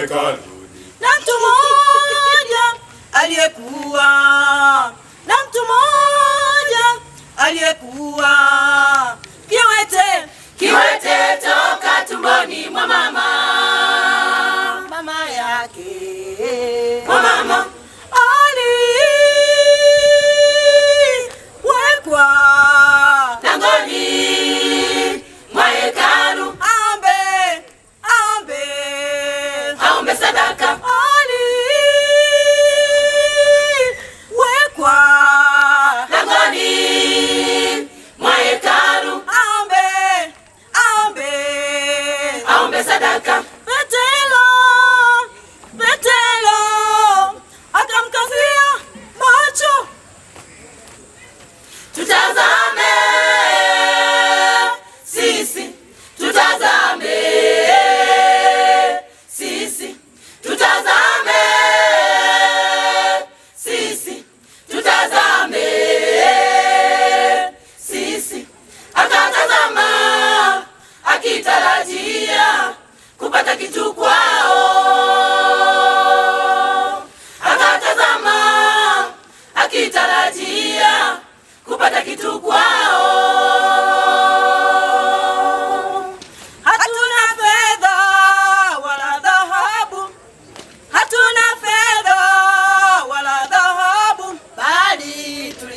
hekaluni na mtu mmoja aliyekuwa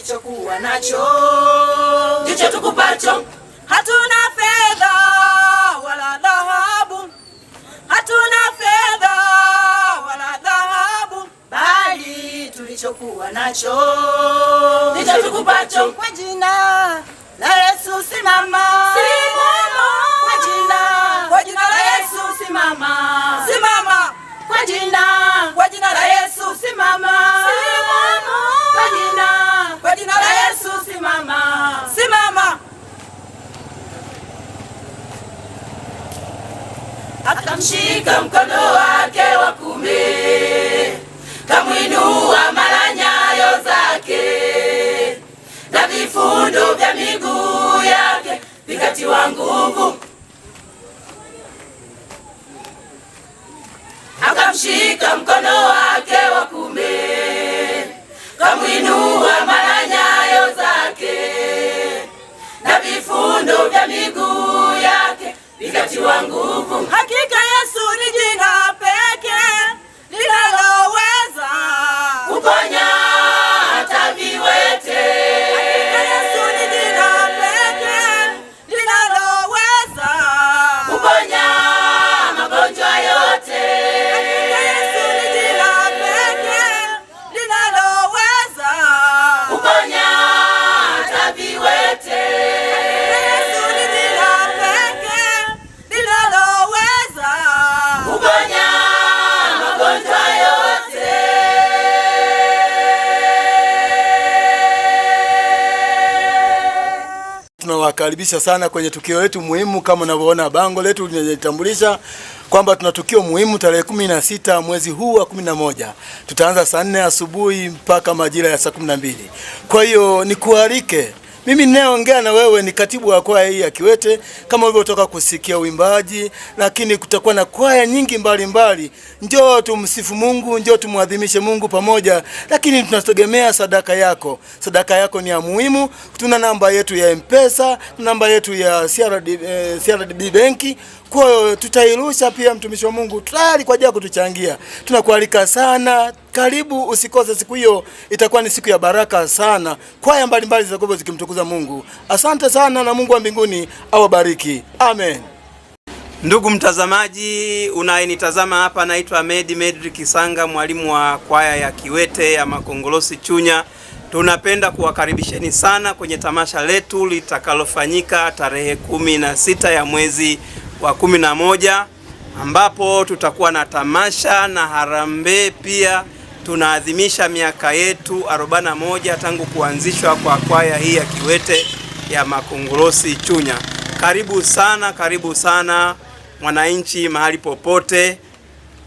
tulichokuwa nacho ndicho tukupacho. Hatuna fedha wala dhahabu, hatuna fedha wala dhahabu, bali tulichokuwa nacho ndicho tukupacho. Kwa jina la Yesu simama. katika mkono wake wa kumi, kamwinua mara nyayo zake na vifundo vya miguu yake vikatiwa nguvu, akamshika mkono wake wa kumi, kamwinua mara nyayo zake na vifundo vya miguu yake vikatiwa nguvu. Hakika tunawakaribisha sana kwenye tukio letu muhimu kama unavyoona bango letu linajitambulisha kwamba tuna tukio muhimu tarehe kumi na sita mwezi huu wa kumi na moja. Tutaanza saa nne asubuhi mpaka majira ya saa kumi na mbili. Kwa hiyo nikualike mimi ninayeongea na wewe ni katibu wa kwaya hii ya Kiwete, kama ulivyotoka kusikia uimbaji, lakini kutakuwa na kwaya nyingi mbalimbali. Njoo tumsifu Mungu, njoo tumwadhimishe Mungu pamoja, lakini tunategemea sadaka yako. Sadaka yako ni ya muhimu. Tuna namba yetu ya Mpesa, namba yetu ya CRDB, eh, benki kwa hiyo tutairusha pia, mtumishi wa Mungu tayari kwa ajili ya kutuchangia. Tunakualika sana karibu, usikose siku hiyo, itakuwa ni siku ya baraka sana. Kwaya mbalimbali zitakuwa zikimtukuza Mungu. Asante sana, na Mungu wa mbinguni awabariki, amen. Ndugu mtazamaji unayenitazama hapa, naitwa Medi Medri Kisanga, mwalimu wa kwaya ya Kiwete ya Makongolosi Chunya. Tunapenda kuwakaribisheni sana kwenye tamasha letu litakalofanyika tarehe kumi na sita ya mwezi wa kumi na moja ambapo tutakuwa na tamasha na harambee pia tunaadhimisha miaka yetu 41 tangu kuanzishwa kwa kwaya hii ya Kiwete ya Makongorosi Chunya. Karibu sana, karibu sana mwananchi, mahali popote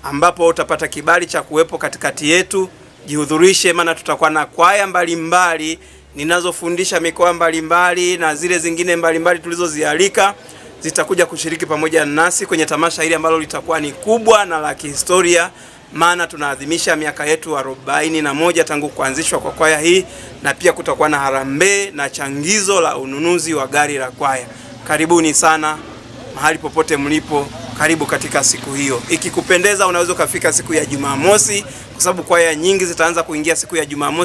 ambapo utapata kibali cha kuwepo katikati yetu, jihudhurishe, maana tutakuwa na kwaya mbalimbali ninazofundisha mikoa mbalimbali na zile zingine mbalimbali tulizozialika zitakuja kushiriki pamoja nasi kwenye tamasha hili ambalo litakuwa ni kubwa na la kihistoria maana tunaadhimisha miaka yetu arobaini na moja tangu kuanzishwa kwa kwaya hii, na pia kutakuwa na harambee na changizo la ununuzi wa gari la kwaya. Karibuni sana mahali popote mlipo, karibu katika siku hiyo. Ikikupendeza unaweza ukafika siku ya Jumamosi, kwa sababu kwaya nyingi zitaanza kuingia siku ya Jumamosi.